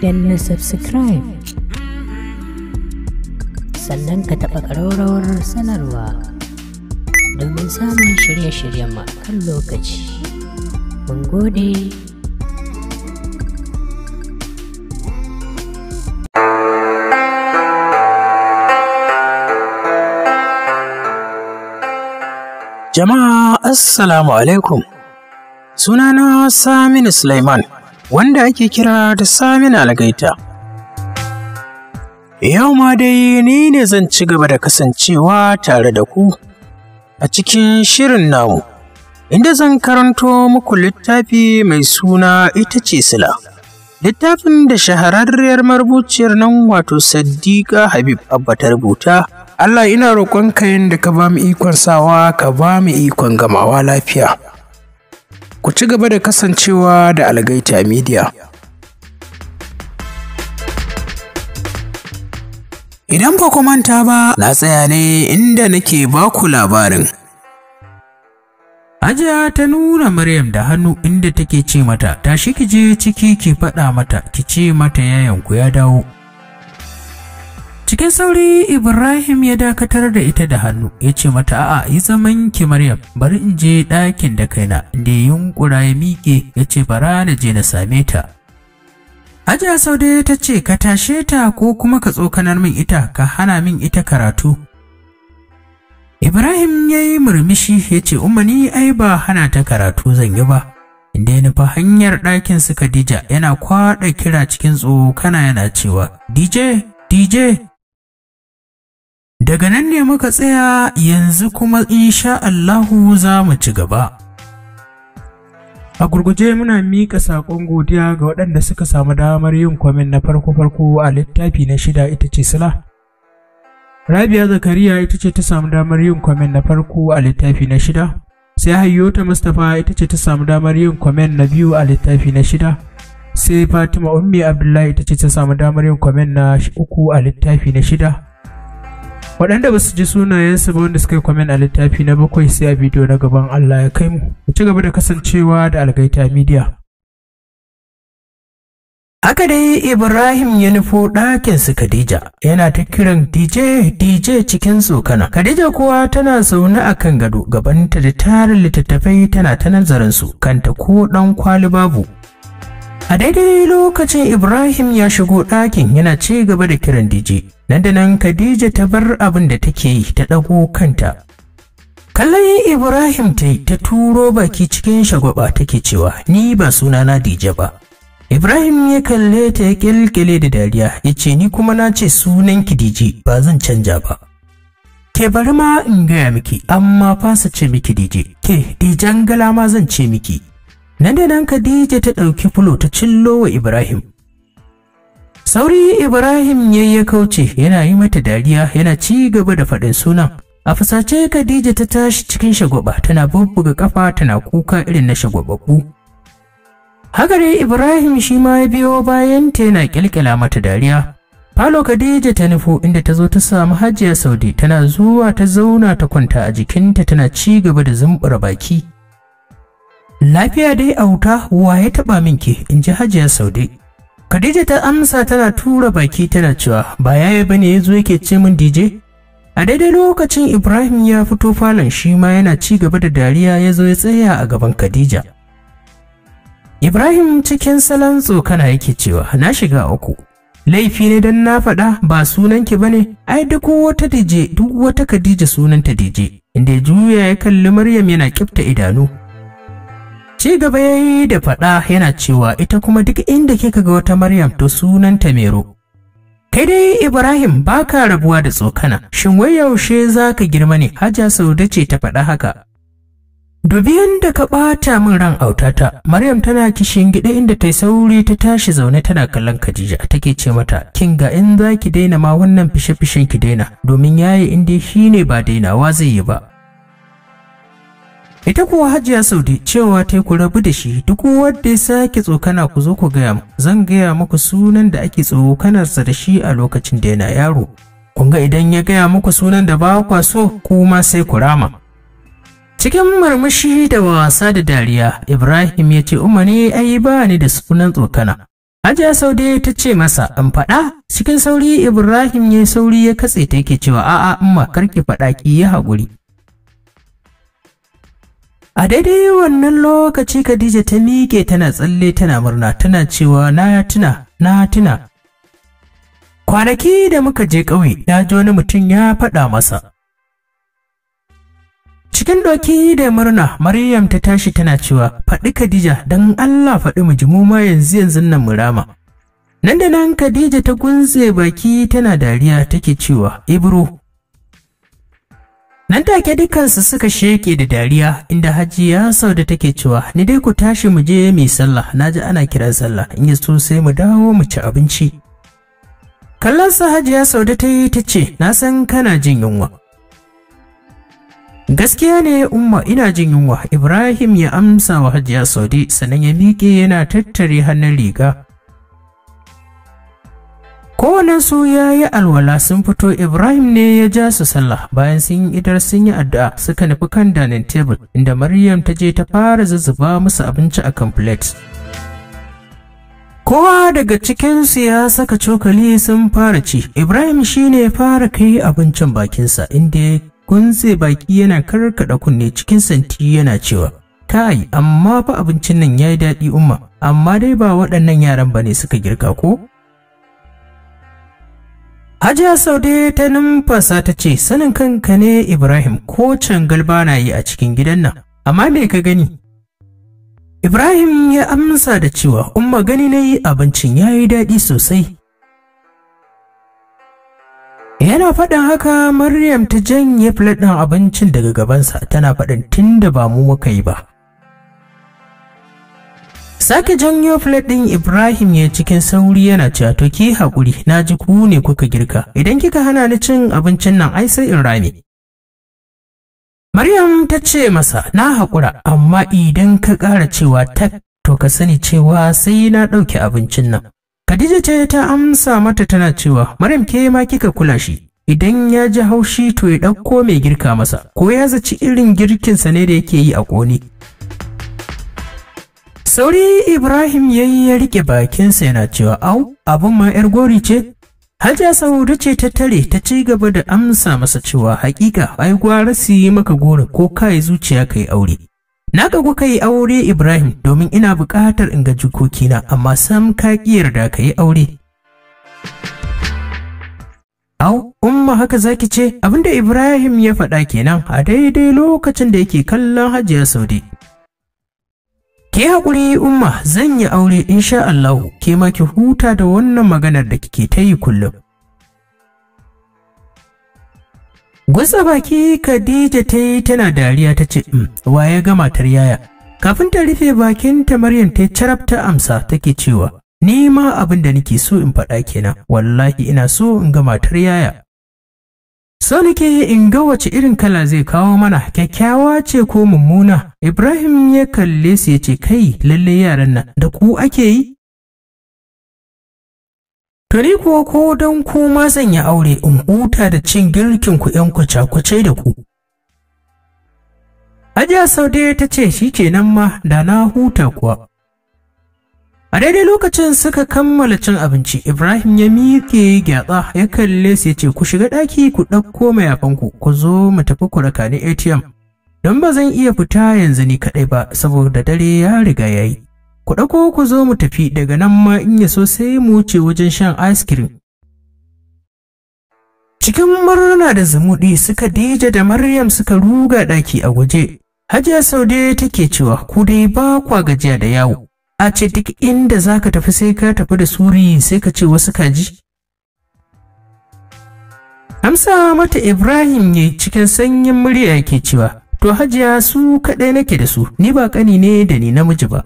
na subscribe sannan ka taɓa ƙararrawar sanarwa domin samun shirye-shiryen mu kan lokaci mun gode Jama'a Assalamu alaikum sunana Saminu Sulaiman wanda ake kira da Samin Algaita. Yau ma dai ni ne zan ci gaba da kasancewa tare da ku a cikin shirin namu, inda zan karanto muku littafi mai suna ita ce sila. Littafin da shahararriyar marubuciyar nan wato Saddiqa Habib Abba ta rubuta, Allah ina roƙon kayan da ka ba mu ikon sawa ka ba mu ikon gamawa lafiya. Ku ci gaba da kasancewa da Algaita Media. Idan ba ku manta ba, na tsaya ne inda nake baku labarin. Hajiya ta nuna Maryam da hannu inda take ce mata, tashi ki je ciki ki faɗa mata, ki ce mata yayanku ya dawo. cikin sauri ibrahim ya dakatar da ita da hannu ya ce mata a'a yi zaman ki maryam bari in je ɗakin da kaina da yunkura ya miƙe ya ce bara na je na same ta ajiya saude ta ce ka tashe ta ko kuma ka tsokanar min ita ka hana min ita karatu ibrahim ya yi murmushi ya ce umani ai ba hana ta karatu zan yi ba inda ya nufa hanyar ɗakin su Khadija yana kwaɗa kira cikin tsokana yana cewa DJ DJ daga nan ne muka tsaya yanzu kuma insha Allahu za mu ci gaba a gurguje muna mika sakon godiya ga waɗanda suka samu damar yin kwamin na farko-farko a littafi na shida ita ce sila rabia zakariya ita ce ta samu damar yin kwamin na farko a littafi na shida sai hayyota mustapha ita ce ta samu damar yin kwamin na biyu a littafi na shida sai fatima ummi abdullahi ita ce ta samu damar yin kwamin na uku a littafi na shida waɗanda ba su ji sunayensu ba wanda suka yi kwamen a littafi na bakwai sai a bidiyo na gaban Allah ya kai mu ci gaba da kasancewa da algaita media haka dai ibrahim ya nufo ɗakin su khadija yana ta kiran dj dj cikin tsokana khadija kuwa tana zaune a kan gado gabanta da tarin littattafai tana ta su kanta ko ɗan kwali babu a daidai lokacin ibrahim ya shigo ɗakin yana ci gaba da kiran dije nan da nan khadija ta bar abin da take yi ta ɗago kanta kallon ibrahim ta yi ta turo baki cikin shagwaba take cewa ni ba sunana dj ba ibrahim ya kalle ta ya kyalkyale da dariya ya ce ni kuma na ce sunanki dj ba zan canja ba ke bari ma in gaya miki amma fasa ce miki Dije. ke dijan gala ma zan ce miki nan da nan Khadija ta ɗauki fulo ta cillo wa Ibrahim. Sauri Ibrahim ya ya kauce yana yi mata dariya yana ci gaba da faɗin sunan. A fusace Khadija ta tashi cikin shagwaba tana bubbuga kafa tana kuka irin na shagwabaku. Hagare Ibrahim shi ma ya biyo bayan ta yana ƙyalkyala mata dariya. Falo Khadija ta nufo inda ta zo ta samu Hajiya Saudi tana zuwa ta zauna ta kwanta a jikinta tana ci gaba da zumbura baki. Lafiya dai a wuta wa ya taɓa ke in ji hajiya Saude. Khadija ta amsa tana tura baki tana cewa ba yaya bane ya yake ce min DJ? A daidai lokacin Ibrahim ya fito falon shi ma yana ci gaba da dariya ya zo ya tsaya a gaban Khadija. Ibrahim cikin salon tsokana yake cewa na shiga uku. Laifi ne don na faɗa ba sunanki ba ne, ai duk wata DJ duk wata Khadija sunanta DJ, inda juya ya kalli Maryam yana kifta idanu. ci gaba ya yi da faɗa yana cewa ita kuma duk inda kika ga wata maryam to sunanta mero kai dai ibrahim baka rabuwa da tsokana shin wai yaushe za ka girma ne hajja sauda ce ta faɗa haka dubi yadda ka ɓata min ran autata maryam tana kishin gida inda ta sauri ta tashi zaune tana kallon khadija take ce mata kin ga in za ki daina ma wannan fishe-fishen ki daina domin yaye inda shi ne ba dainawa zai yi ba ita kuwa hajiya saudi cewa ta ku rabu da shi duk wanda ya sake tsokana ku zo ku gaya mu zan gaya muku sunan da ake sa da shi a lokacin da yana yaro kun ga idan ya gaya muku sunan da ba kwa so kuma sai ku rama cikin marmashi da wasa da dariya ibrahim ya ce umarni ai ba ni da sunan tsokana hajiya saudi ta ce masa an faɗa cikin sauri ibrahim ya sauri ya katse ta yake cewa a'a kar karki faɗa ki yi haƙuri A daidai wannan lokaci Khadija ta miƙe tana tsalle tana murna tana cewa na tuna na tuna. Kwanaki da muka je ƙauye na ji wani mutum ya faɗa masa. Cikin doki da murna Maryam ta tashi tana cewa faɗi Khadija don Allah faɗi mu jimu mu ma yanzu yanzu nan mu rama. Nan da nan Khadija ta gunze baki tana dariya take cewa Ibro Nan take dukansu suka sheke da dariya inda hajiya sau da take cewa ni dai ku tashi mu je mai sallah ji ana kiran sallah in yi so sai mu dawo mu ci abinci. Kallon sa hajiya sau da ta yi ta ce na san kana jin yunwa. Gaskiya ne umma ina jin yunwa Ibrahim ya amsa wa hajiya Saudi sannan ya miƙe yana tattare hannun riga su ya yi alwala sun fito ibrahim ne ya ja su sallah bayan sun yi idar sun yi addu'a suka nufi kan danin table inda maryam ta je ta fara zuzzuba musu abinci a kan plate kowa daga cikinsu ya saka cokali sun fara ci ibrahim shine ya fara kai abincin bakinsa inda ya kunze baki yana karkada kunne cikin santi yana cewa kai amma fa abincin nan ya yi daɗi umma amma dai ba waɗannan yaran ba ne suka girka ko Hajiya Saude ta numfasa ta ce sanin kanka ne Ibrahim ko can galba na yi a cikin gidan nan, amma me ka gani? Ibrahim ya amsa da cewa in gani na yi abincin ya yi daɗi sosai. Yana faɗin haka Maryam ta janye filaɗin abincin daga gabansa tana faɗin tun da ba mu muka yi ba, sake janyo plate din Ibrahim ya cikin sauri yana cewa to ki hakuri na ji ku ne kuka girka idan kika hana ni cin abincin nan ai sai in rame Maryam ta ce masa na hakura amma idan ka kara cewa ta to ka sani cewa sai na ɗauki abincin nan Khadija ce ta amsa mata tana cewa Maryam ke ma kika kula shi idan ya ji haushi to ya ɗauko mai girka masa ko ya zaci irin girkin sa ne da yake yi a ƙoni Sauri Ibrahim ya yi ya rike bakinsa yana cewa au abin ma 'yar gori ce? Hajiya Saudu ce ta tare ta ci gaba da amsa masa cewa hakika ai gwara su yi maka gori ko kai zuciya kai aure. Na ga ku kai aure Ibrahim domin ina buƙatar in ga jikokina amma sam ka kiyar da ka aure. Au, umma haka zaki ce abinda Ibrahim ya faɗa kenan a daidai lokacin da yake kallon Hajiya Saudi. ke hakuri umma zan yi aure insha Allah ke ma ki huta da wannan maganar da kike ta yi kullum. gusa baki Khadija ta yi tana dariya ta ce, mm, wa ya ga matar yaya. Kafin ta rufe bakinta Maryam ta carab amsa take cewa, Ni ma abin da nake so in faɗa kenan, wallahi ina so in ga matar yaya. So ke in ga wace irin kala zai kawo mana kyakkyawa ce ko mummuna. Ibrahim ya kalle su ya ce kai lalle yaran nan da ku ake yi. To kuwa ko don ku ma zan yi aure in huta da cin girkin ku ƴan kwace-kwace da ku. Hajiya Saude ta ce shi kenan ma da na huta kuwa. A daidai lokacin suka kammala cin abinci, Ibrahim ya miƙe gyatsa ya kalle su ya ce, Ku shiga ɗaki ku ɗauko mayafanku, ku zo mu tafi ku raka ni ATM. Don ba zan iya fita yanzu ni kaɗai ba, saboda dare ya riga ya yi. Ku ɗauko ku zo mu tafi daga nan ma in ya so sai mu wuce wajen shan ice cream. Cikin murna da zumuɗi suka Dija da Maryam suka ruga ɗaki a waje. Hajiya Saude take cewa ku dai ba kwa gajiya da yawo. a ce duk inda za ka tafi sai ka tafi da suri sai ka ce wasu kaji amsa mata ibrahim yi cikin sanyin murya yake cewa to hajiya su kaɗai nake da su ni ba ƙani ne da ni namiji ba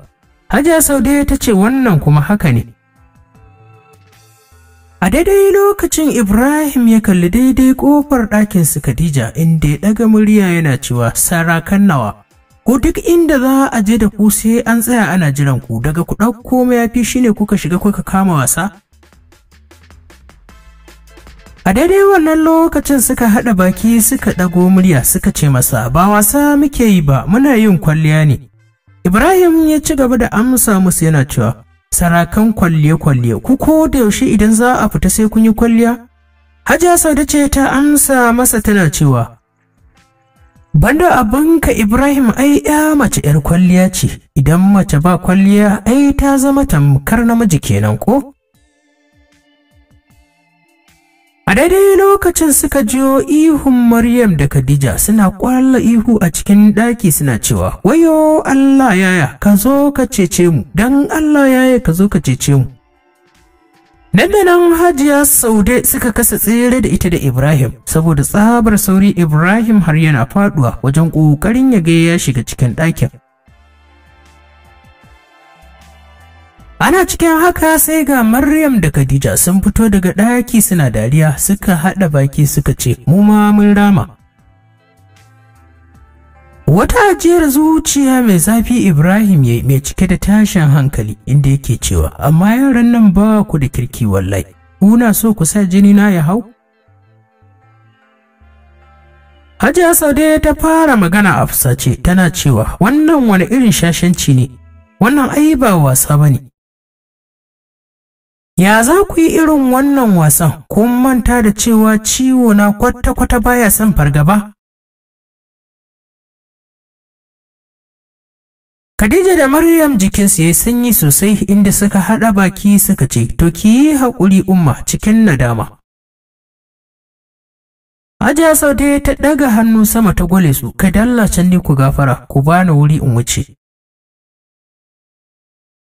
hajiya saude ta ce wannan kuma haka ne a daidai lokacin ibrahim ya kalli daidai ƙofar ɗakinsu khadija inda ya ɗaga murya yana cewa sarakan nawa ko duk inda za a je da ku sai an tsaya ana jiran ku daga ku ɗauko mayafi shine kuka shiga kuka kama wasa a daidai wannan lokacin suka haɗa baki suka ɗago murya suka ce masa ba wasa muke yi ba muna yin kwalliya ne ibrahim ya ci gaba da amsa musu yana cewa sarakan kwalliya-kwalliya ku ko da yaushe idan za a fita sai kun yi kwalliya hajiya saude ce ta amsa masa tana cewa Banda abinka Ibrahim ai ya mace ‘yar kwalliya ce, idan mace ba kwalliya ai ta zama tamkar namiji kenan ko? A daidai lokacin suka jiyo ihun Maryam da Khadija suna kwalla ihu a cikin ɗaki suna cewa, Wayo Allah yaya, ka zo ka cece mu, don Allah yaya ka zo ka cece mu. nan da nan hajiya saude suka kasa tsere da ita da ibrahim saboda tsabar sauri ibrahim har yana faduwa wajen ƙoƙarin ya ga ya shiga cikin ɗakin ana cikin haka sai ga maryam da khadija sun fito daga ɗaki suna dariya suka haɗa baki suka ce mu ma mun rama Wata ajiyar zuciya mai zafi Ibrahim ya yi mai cike da tashin hankali inda yake cewa amma yaran nan ba ku da kirki wallahi kuna so ku sa jini na ya hau Hajiya Saude ta fara magana a fusace tana cewa wannan wani irin shashanci ne wannan ai ba wasa ba ne. Ya za ku yi irin wannan wasan kun manta da cewa ciwo na kwata-kwata baya son fargaba Khadija da Maryam jikinsu yayi sanyi sosai inda suka haɗa baki suka ce, To ki hakuri umma cikin nadama. Hajiya Saude ta ɗaga hannu sama ta gwale su, kai dalla can ne ku gafara, ku bani wuri in wuce.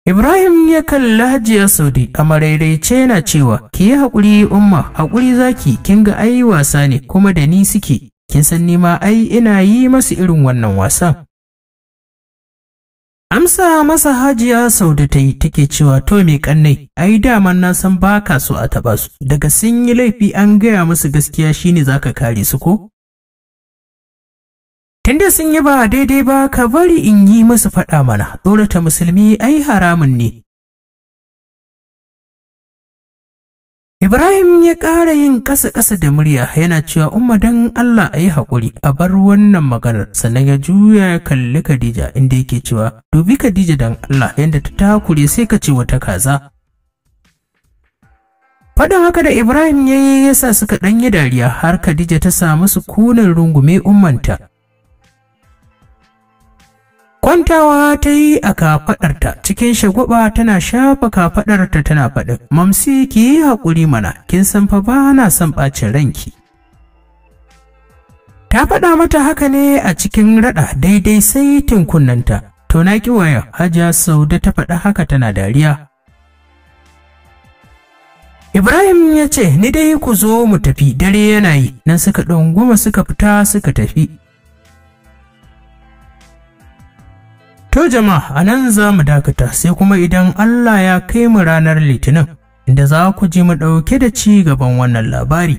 Ibrahim ya kalli Hajiya Saude a marairaice yana cewa, Ki hakuri umma, hakuri zaki, kin ga ai wasa ne kuma da ni suke, kin san ni ma ai ina yi masu irin wannan wasan. Amsa masa hajiya sau da ta yi take cewa to mai kannai, ai daman na san ba ka so a taɓa su, daga sun yi laifi an gaya musu gaskiya shine za ka kare su ko? Tunda sun yi ba daidai ba ka bari in yi musu faɗa mana, tsorata musulmi ai haramun ne, Ibrahim ya ƙara yin ƙasa-ƙasa da murya yana cewa umma dan Allah a yi haƙuri a bar wannan maganar sannan ya juya ya kalli Khadija inda yake cewa dubi Khadija don Allah yadda ta takure sai ka ce wata kaza. Faɗin haka da Ibrahim ya yi yasa suka ɗanyi dariya har Khadija ta samu sukunin rungume ummanta Kwantawa ta yi a kafaɗarta cikin shagwaba tana shafa kafaɗarta tana faɗin, Mamsi ki yi haƙuri mana, kin san fa ba na son ɓacin ranki. Ta faɗa mata haka ne a cikin raɗa daidai sai tinkunnanta, to na ƙi waya hajiya sau ta faɗa haka tana dariya. Ibrahim ya ce, Ni dai ku zo mu tafi dare yana yi, nan suka ɗunguma suka fita suka tafi. To jama'a a nan za mu dakata sai kuma idan Allah ya kai mu ranar litinin inda za ku ji mu ɗauke da ci gaban wannan labari.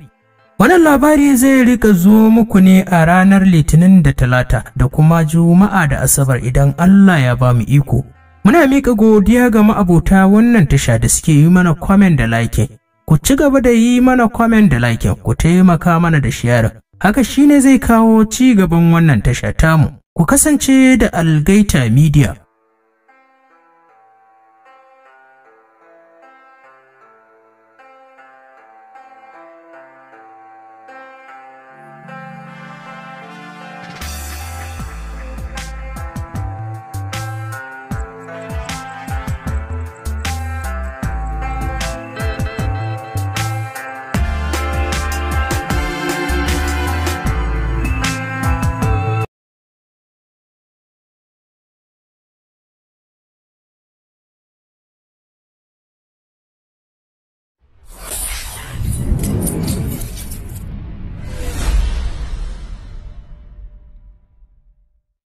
Wannan labari zai rika zo muku ne a ranar litinin da talata da kuma juma'a da asabar idan Allah ya ba mu iko. Muna mika godiya ga ma'abota wannan tasha da suke yi mana comment da like. Ku ci gaba da yi mana comment da like, ku taimaka mana da share. Haka shine zai kawo ci gaban wannan tasha tamu. ku kasance da Algaita Media.